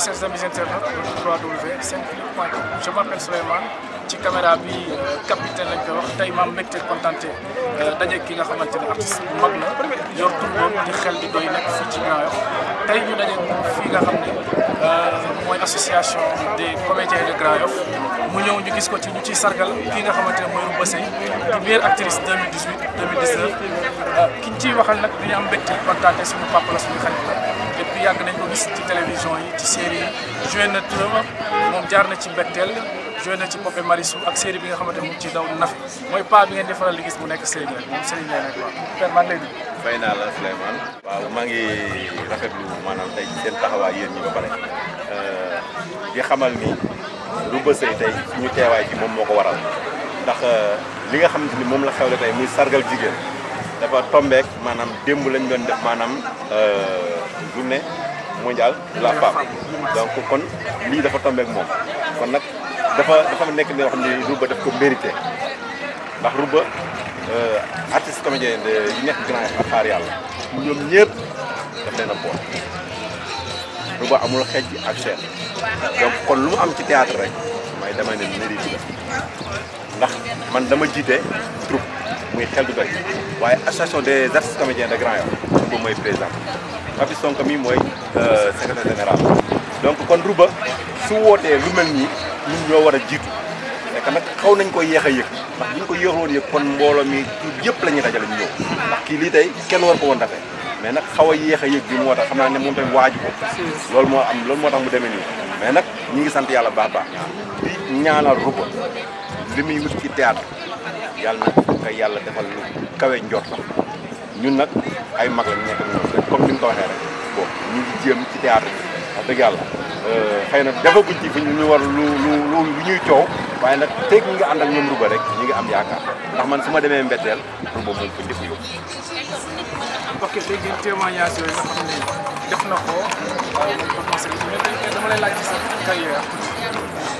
chers amis internautes de 3W Senclic.com je m'appelle Souleymane ci caméra bi euh, capitaine lañ koy wax tey maam euh, ki nga xamante ne artiste bu mag di xel di doy nekk fii ci Grand Yoff tey euh, mooy association des comédiens de Grand Yoff mu ñëw ñu gis ko ti ñu ciy sargal kii nga xamante ne mooy Rouba Seye di meilleure ki ñu ciy waxal nag dañu am mbégte contenté suñu papa la suñu xarit yàgg nañ ko ci télévision yi ci série yi joué na moom jaar na ci Mbettel joué ci Popé Marichou ak série bi nga xamante mu ci daw nafe mooy pas bi ngeen di faral gis mu nekk Serigne ne moom Serigne Ndiaye nag waaw père maa ngi fay naa la Souleymane. waaw maa ngi rafet lu maanaam tey seen taxawaay yéen ñi ba pare euh, di xamal ni lu bësee tey suñu teewaay ji moom moo ko waral ndax euh, li nga xamante ni moom la xewle tey muy sargal jigéen. dafa tombeek maanaam démb lañ doon def maanaam euh, journée mondiale de la femme donc kon lii dafa tombeek moom kon nag dafa dafa nekk li nga xam ne Rouba daf ko mérité ndax Rouba euh, artiste comédien yi nekk grand yi xaar yàlla ñoom ñëpp daf leen a bool Rouba amul xeej ak cher donc kon lu mu am ci théâtre rek may damay ne mérite la ndax man dama jiite troupe muy xel du doy waaye association de Grand Yoff moom mooy président Papis Sonko mi mooy euh, secrétaire général donc kon Rouba su wootee lu mel nii ñun ñoo war a jiitu mais quand même xaw nañ ko yéex a yëg ndax bu ñu ko yéexloon yëg kon mbooloo mi tur yëpp ñu ñëw ndax kii lii tey kenn war ko woon dafee mais a yéex a yëg moo tax xam naa ne moom tamit waaju ko loolu moo am loolu moo tax mu demee nii mais nag ñu ngi sant yàlla baax baax di ñaanal Rouba li muy wut ci théâtre yàlla na nga yàlla defal lu kawe njortam ñun nag ay mag lañ nekk ñoom comme ni nga ko waxee rek bon ñu ngi jéem ci théâtre bi wax dëgg yàlla euh, xëy na defaguñ ci fi ñu war lu lu ñuy coow waaye nag te ñu ngi ànd ak ñoom ruba rek ñu ngi am yaakaar ndax man su ma demee mbetteel ruba moom ko njëkk yóbbu. na ko euh,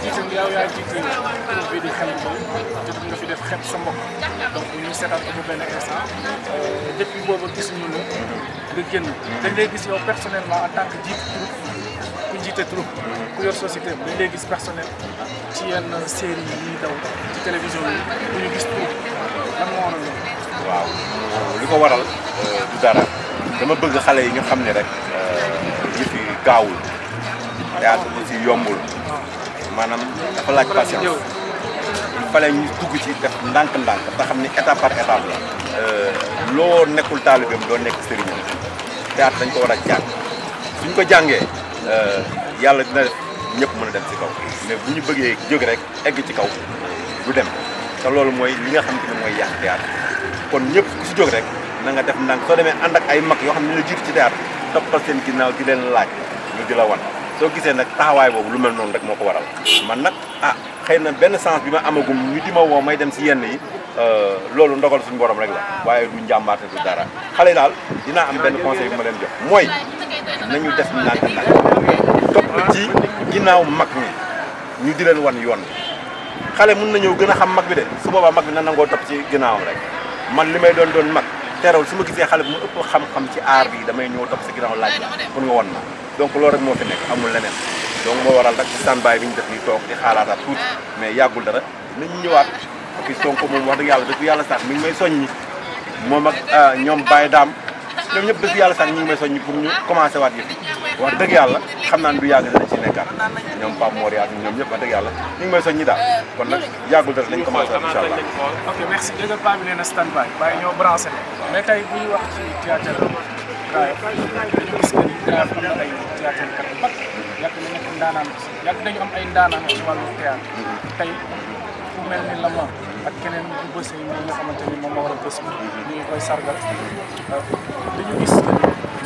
jiite yow di xel boobu fi def xepp sa mbokk donc ñu seetaan ko ba benn instant euh, depuis boobu gisuñu la gis yow personnellement en tant que jiite groupe ci yenn série yi daw ci télévision yi bu gis troupe lan waaw li ko waral euh, du dara dama bëgg xale yi ñu xam ni rek euh, yëf yi gaawul théâtre bi ci yombul ah. maanaam dafa laaj patience il fallait ñu dugg ci def ndànk-ndànk te xam ni étape par étape la. Euh, loo nekkul taalibeem doo nekk sëriñam théâtre dañ ko war a jàng suñ ko jàngee euh, yàlla dina def ñëpp mën a dem ci kaw mais bu ñu bëggee jóg rek egg ci kaw du dem te loolu mooy li nga xam te ne mooy yàq théâtre kon ñëpp ku si jóg rek na nga def ndànk soo demee ànd ak ay mag yoo xam ne ñu la jiitu ci théâtre toppal seen ginnaaw di leen laaj ñu di la wan. soo gisee nag taxawaay boobu lu mel noonu rek moo ko waral man nag ah xëy na benn sens bi ma amagum ñu di ma woo may dem si yenn yi euh, loolu ndogal suñu borom rek la waaye du njàmbaate du dara xale daal dinaa am benn conseil bu ma leen jox mooy na ñu def ndànk ndànk topp ci ginnaaw mag ñi ñu di leen wan yoon xale mun na ñëw gën a xam mag bi de su boobaa mag bi na nangoo topp ci ginnaawam rek man li may doon doon mag teerawul su ma gisee xale bu ma ëpp xam-xam ci aar bi damay ñëw topp sa ginnaaw laaj la pour nga won ma donc loolu rek moo fi nekk amul leneen donc moo waral rek standby bi ñu def nii toog di xaalaataat tuuti mais yàggul dara nañu ñëwaat ok Sonko moom wax dëgg yàlla dëgg yàlla sax mi ngi may soññi moom ak euh, ñoom daam Dame ñoom ñëpp dëgg yàlla sax ñu ngi may soññi pour ñu commencé waat yëf wax dëgg yàlla xam naa ne du yàgg dana ci nekkaat ñoom Pape Mor yaa ñoom ñëpp wax dëgg yàlla ñu ngi may soññi daal kon nag yàggul dara lañ commencé incha allah. ok merci dégg nga Pape bi nee na stand by bàyyi ñoo branché mais tey bu ñu wax ci théâtre Graaf dañu gis que ni Graaf am na ay théâtre kat mag yàgg nañu am ndaanaan yàgg nañu am ay ndaanaan ci wàllu théâtre tey fu mel ni la moom ak keneen bu bësee yi nga xamante ni moom moo war a bës ñu ngi koy sargal euh, dañu gis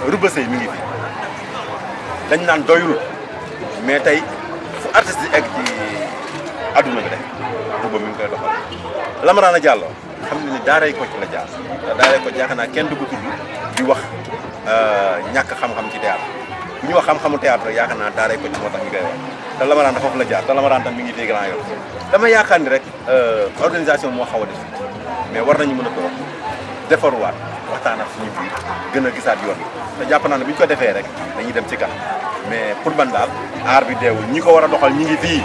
Rouba Seye mi ngi fi dañ naan doyul mais tey fu artiste yi egg ci adduna bi rek Rouba mi ngi koy lamaraan a Diallo xam ne ni daaray Kocc la jaar te daaray Kocc yaakaar kenn du ko tudd di wax euh, ñàkk xam-xam ci théâtre bu ñu wax xam xam théâtre rek yaakaar naa daaray Kocc moo tax ñu koy wax te Lamarana foofu la jaar te Lamarana tam mi ngi dégg naa yoon yaakaar ni rek euh, organisation moo xaw a def mais war nañu mën a toog defaruwaat waxtaan ak suñu biir gën a gisaat yoon bi te jàpp naa ne bu ñu ko defee rek dañuy dem ci kanam mais pour man daal aar bi deewul ñi ko war a doxal ñi ngi fii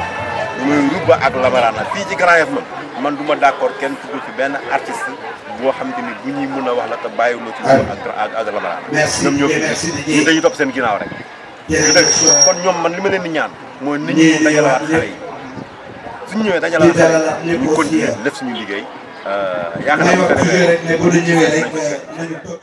muy Rouba ak Lamarana fii ci Grand Yoff la man du ma d'accord kenn tudd ci benn artiste boo xam te ni bu ñuy mën a wax la te bàyyiwuloo ci Rouba ak ak Lamarana ñoom ñoo fi ñu dañuy topp seen ginnaaw rek kon ñoom man li ma leen di ñaan mooy nit ñi dajalaat xale yi suñu ñëwee dajalaat xale yi ñu continuer def suñu liggéey Euh, yaakaar naa ne rek ne bu ñu ñëwee rek euh,